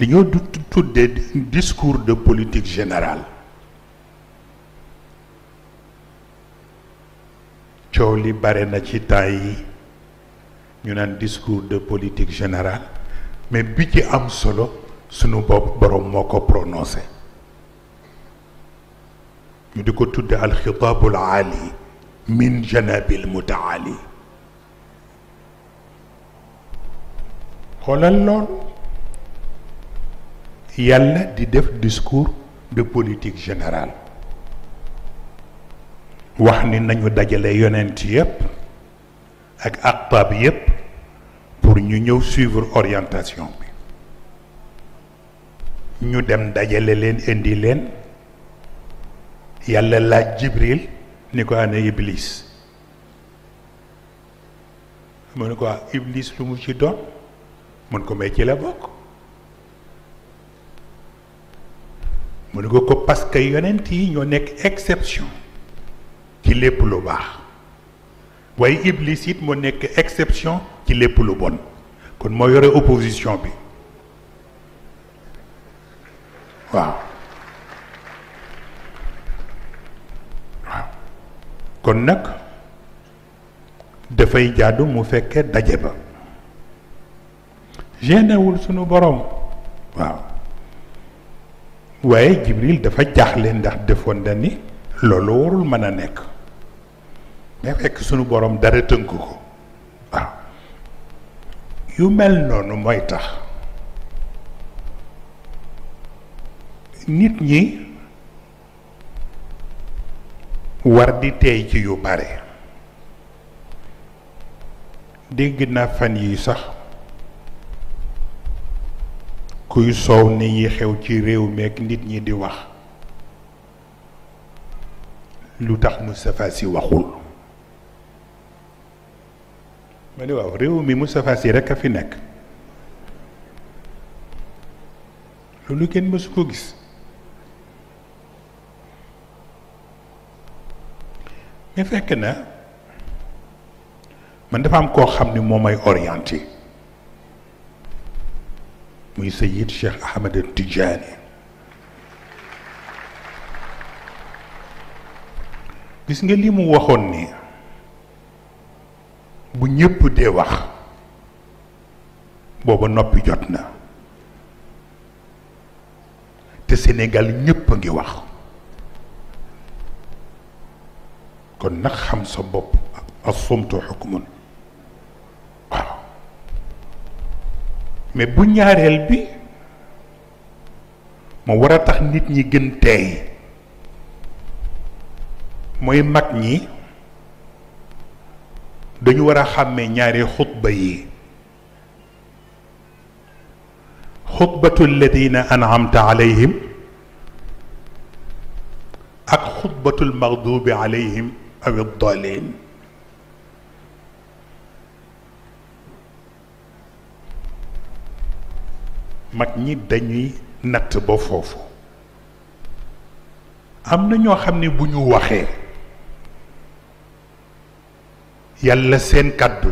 li ñoo tuddee discours de politique générale coow li bare na ci temps yi ñu naan discours de politique générale mais bi ci am solo sunu bopp borom moo ko prononcé ñu di ko tudde alxitaabul aali min janabil mutaali xoolal lool yàlla di def discours de politique générale wax ni nañu dajale yonent yépp ak aqtaab yépp pour ñu ñëw suivre orientation bi ñu dem dajale leen indi leen yàlla laaj jibril ni ko ana iblis mu ne ko ah, iblis lu mu ci doon mun ko may ci la bokk mu ne ko ko parce que yonent yi ñoo nekk exception ci lépp lu baax waaye iblis it moo nekk exception ci lépp lu bon kon moo yore opposition bi waaw waaw kon nag dafay jaadu mu fekkee daje ba génnewul sunu boroom waaw waaye Jibril dafa jaaxle ndax defoon na loolu warul mën a nekk mais fekk sunu borom dara tënk ko waaw yu mel noonu mooy tax nit ñi war di tey ci yu bare dégg na fan yi sax kuy soow ni yi xew ci réew meek nit ñi di wax lu tax mu Sy waxul ma ne waaw réew mi Moustapha Sy rekk a fi nekk loolu kenn mësu ko gis mais fekk na man dafa am koo xam ni moo may orienté muy Seyid Cheikh Ahmed Tidiane gis nga li mu waxoon ni bu ñépp dee wax booba noppi jot na te senegal ñëpp a ngi wax kon nag xam sa bopp ak sumtu xukmun mais bu ñaareel bi ma war a tax nit ñi gën teey mooy mag ñi dañu war a xàmmee ñaari xutba yi xutbatu alladina an'amta alayhim ak xutbatul maghdubi alayhim aw ad-dallin mag ñi dañuy natt ba foofu am na ñoo xam ne bu ñu waxee yàlla seen kàddu